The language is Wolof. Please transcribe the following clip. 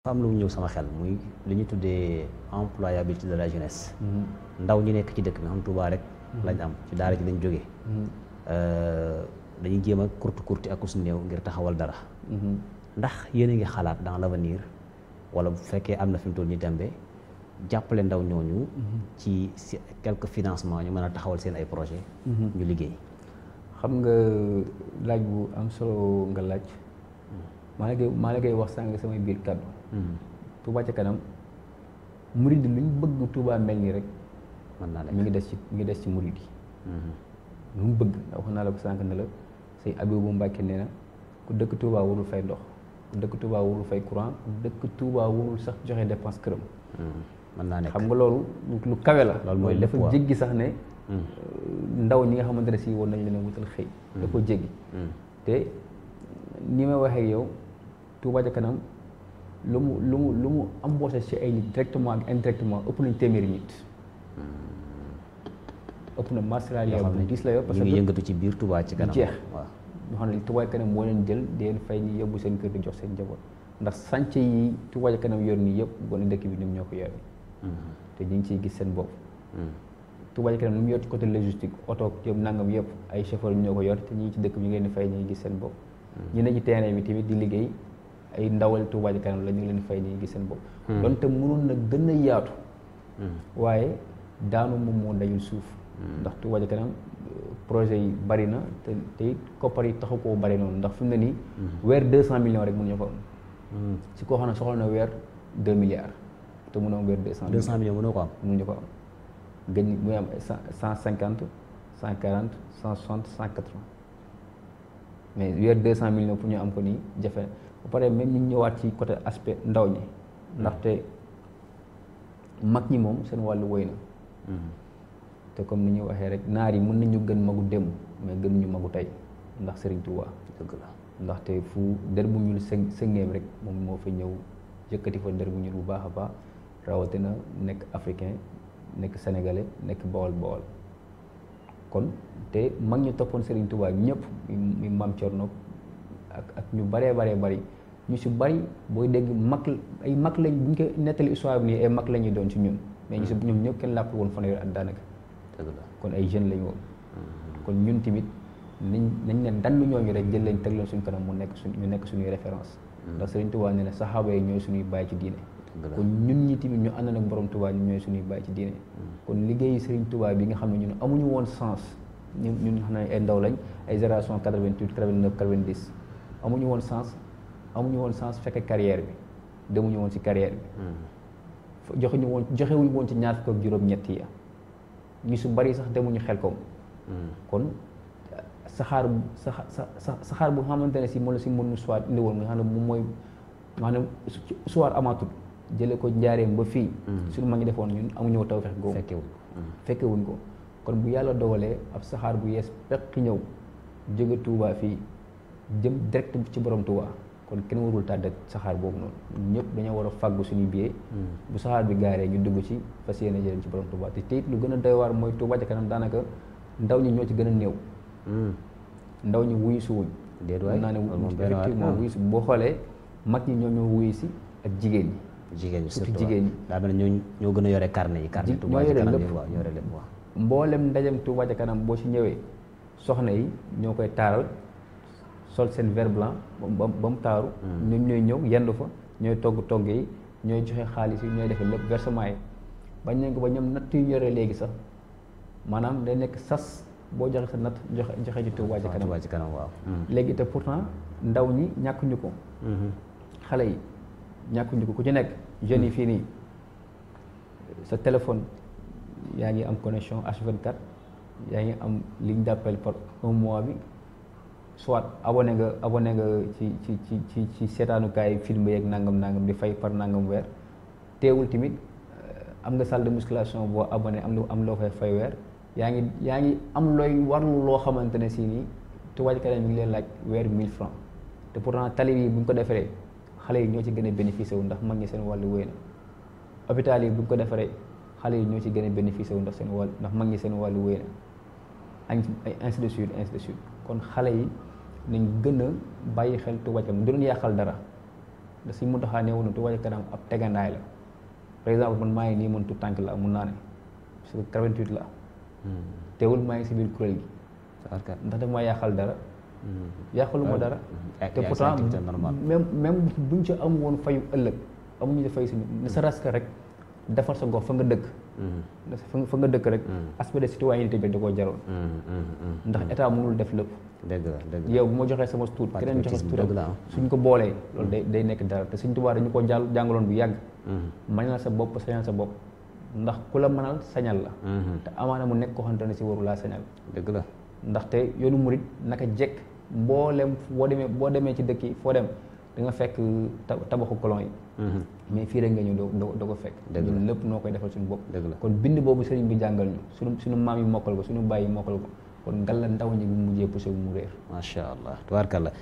dafa am lu ñëw sama xel muy li ñu tuddee employabilité de la jeunesse. Mm-hmm. ndaw ñi nekk ci dëkk bi xam rek. Mm-hmm. lañ am ci daara ji lañ jógee. Mm-hmm. Euh, dañuy jéem a kurti kurti ak su néew ngir taxawal dara. ndax yéen a ngi xalaat dans l'avenir wala bu fekkee am na fi mu toll nii tembe jàppale ndaw ñooñu. ci si quelque financement ñu mën a taxawal seen ay projet ñu liggéey. xam nga laaj bu am solo nga laaj. Mm. maa la koy maa la koy wax sànq samay biir kàddu. Hmm. Touba ca kanam murid lu ñu bëgg tuubaa mel nii rek. man naa mi ngi des ci mi ngi des ci murid yi. Hmm. lu mu bëgg wax naa la ko sànq ne la say Abibu Mbàkke nee na ku dëkk Touba fay ndox ku dëkk fay courant dëkk Touba sax joxe dépense këram. Hmm. mën naa nekk xam nga loolu lu kawe la. loolu mooy dafa jéggi sax ne. ndaw ñi nga xamante ne si woon nañ leen a wutal xëy. dafa jéggi te. ni may waxee yow Touba kanam lu mu lu mu lu mu embauché ci ay nit directement ak indirectement ëpp nañu téeméeri nit. Hmm. ëpp na marsala yoo xam ne gis la yow. parce que yëngatu ci biir ci kanam jeex waaw. ñoo xam ne Touba kanam moo leen jël di fay nii yëpp seen kër di jox seen njaboot ndax sànce yi Touba kanam yor nii yëpp gone dëkk bi ñoom ñoo ko yore. Hmm. te ñu ngi ciy gis seen bopp. Hmm. Touba ca kanam lu mu oto ak nangam yëpp ay chauffeur ñoo ko yor te ñi ci dëkk ñu ngi leen fay ñu ngi gis seen bopp. Mm-hmm. ñu ne ci terrain bi tamit di liggéey ay ndawal Touba Ca Kanam la ñu ngi leen fay nii gis seen bopp. donte mm-hmm. mënoon na gën a yaatu. Mm-hmm. waaye daanu moom moo dajul suuf. ndax Touba Ca Kanam euh, projet yi bari na te te koppar yi taxu koo bari noonu ndax fi ne nii. weer deux cent millions rek mënuñu ko am. si koo xam ne soxla na weer deux milliards. te mënoo am weer cent. deux cent millions ko am mënuñu ko am. gëj mu am cent cinquante cent quarante cent soixante cent quatre mais weer 200 millions pour ñu am ko nii jafe ba pare même ñu ñëwaat ci côté aspect ndaw ñi ndaxte mag ñi moom seen wàllu woy mm-hmm. te comme ni ñuy waxee rek naar yi mën ñu gën magu démb mais gën ñu magu tey ndax Serigne Touba dëgg la ndaxte fu der bu ñuul së sëngeem rek moom moo fa ñëw yëkkati fa der bu ñuul bu baax a baax rawatina nekk africain nekk sénégalais nekk bawol bawol kon te mag ñu toppoon Serigne Touba ñëpp mi maam Thierno ak ak ñu baree baree bari ñu si bari booy dégg mag ay mag lañ bu ñu ko nettali histoire bi nii ay mag la ñuy doon ci ñun. mais ñu si hmm. ñoom ñëpp kenn làpp woon fanweer at daanaka. kon ay jeunes lañ woon. Hmm. kon ñun tamit nañ nañ ne dandu ñooñu rek jël leen teg leen suñ kanam mu nekk suñ ñu nekk suñuy référence. Hmm. ndax Serigne Touba nee na saxaaba yi ñooy suñuy bàyyi ci diine. kon ñun ñi tamit ñu ànd nag borom Touba ñu ñooy suñuy bàyyi ci diine hmm. kon liggéey Serigne Touba bi nga xam ne ñun amuñu woon sens ñu ñun xam ne ay ndaw lañ ay génération 88 89 90 amuñu woon sens amuñu woon sens fekk carrière bi demuñu woon ci carrière bi hmm. joxuñu woon joxewuñu woon ci ñaar fukk ak juróom-ñett ya ñu su bari sax demuñu xel ko hmm. kon saxaar sa sa saxaar bu xamante ne si moom la si mënu soit indi woon nga xam moom mooy maanaam soir amatul jële ko njaareem ba fii mm. suñu ma ngi defoon ñun amuñu tawfeex googu fekkewuñ mm. wuñ ko kon bu yàlla dogalee ab saxaar bu yees peq ñëw jóge tuubaa fii jëm direct ci borom Touba kon kenn warul tàdd saxaar boobu noonu ñëpp dañoo war a fàggu suñu billet mm. bu saxaar bi gaaree ñu dugg ci fas yéene jëriñ ci borom Touba te teyit lu gën a day waar mooy Touba ca kanam daanaka ndaw ñi ñoo ci gën a néew ndaw ñi wuyu si wuñ déet waay naa ne effectivement wuyu si boo xoolee mag ñi ñoo ñoo si ak jigéen ñi jigéen ñi surtout jigéen ñi daa mel ne ñoo gën a yore carnet yi carnet Touba ca kanam yi waaw yore lépp waaw mboolem ndajem Touba ca kanam boo ci ñëwee soxna yi ñoo koy taaral sol seen verre blanc ba ba mu taaru hmm. ñoom ñooy ñëw yendu fa ñooy togg togg yi ñooy joxe xaalis yi ñooy defee lépp versement yi bañ nañ ko ba ñoom natt yu ñoree léegi sax maanaam day nekk sas boo joxe sa natt joxe joxe ci Touba ca kanam waaw hmm. léegi te pourtant ndaw ñi ñàkkuñu ko hmm. xale yi ñàkkuñu ko ku ci nekk jeunes yi hmm. fii nii sa téléphone yaa ngi am connexion H24 yaa ngi am ligne d'appel par un mois bi soit abonné nga abonné nga ci ci ci ci ci seetaanukaay film yeeg nangam nangam di fay par nangam weer teewul tamit euh, am nga salle de musculation boo abonné am am loo fay fay weer yaa ngi yaa ngi am looy warlu loo xamante ne si nii tubaab mi ngi leen laaj weer 1000 francs te pourtant tali yi bu ñu ko deferee xale yi ñoo ci gën a bénéficié wu ndax mag ñi seen wàllu wéy na hôpital yi bu ñu ko defaree xale yi ñoo ci gën a bénéficié wu ndax seen wàll ndax mag ñi seen wàllu wéy na ainsi de suite ainsi de suite kon xale yi nañ gën a bàyyi xel Touba Ca Kanam du leen yàqal dara da suñ mun taxaa neewoon Touba Ca Kanam ab tegandaay la par exemple man maa ngi nii man tout tànk la mun naa ne parce que 88 la hmm. teewul maa ngi si biir kuréel gi ndax daf maa yàqal dara Mm-hmm. yàqalu ma ah, dara. Mm-hmm. te pourtant même même ñu ci am woon fayu ëllëg amuñu fay si ne mm-hmm. sa raska rek defar sa gox fa nga dëkk. fa nga dëkk rek. aspect de citoyenneté bi da ko jaroon. ndax état mënul def lépp. dëgg la dëgg yow bu ma joxee sama tuut keneen joxe tuutam ah. suñ ko boolee loolu day day nekk dara te suñ tubaab dañu ko jàll jàngaloon bu yàgg. mënal sa bopp sañal sa bopp ndax ku la mënal sañal la. te amaana mu nekk koo xamante ne si waru laa sañal. dëgg la. ndaxte yoonu murit naka jekk mboolem boo demee boo demee ci dëkk yi foo dem da nga fekk tabaxu colon yi. Mhm. mais fii rek nga ñëw doo doo ko fekk. dëgg la lépp noo koy defal suñu bopp. dëgg la kon bind boobu sëriñ bi jàngal ñu suñu suñu maam yi mokkal ko suñu bàyyi yi mokkal ko kon ngalla ndaw ñi bi mujjee poussé bu mu réer. macha allah tubaarkalla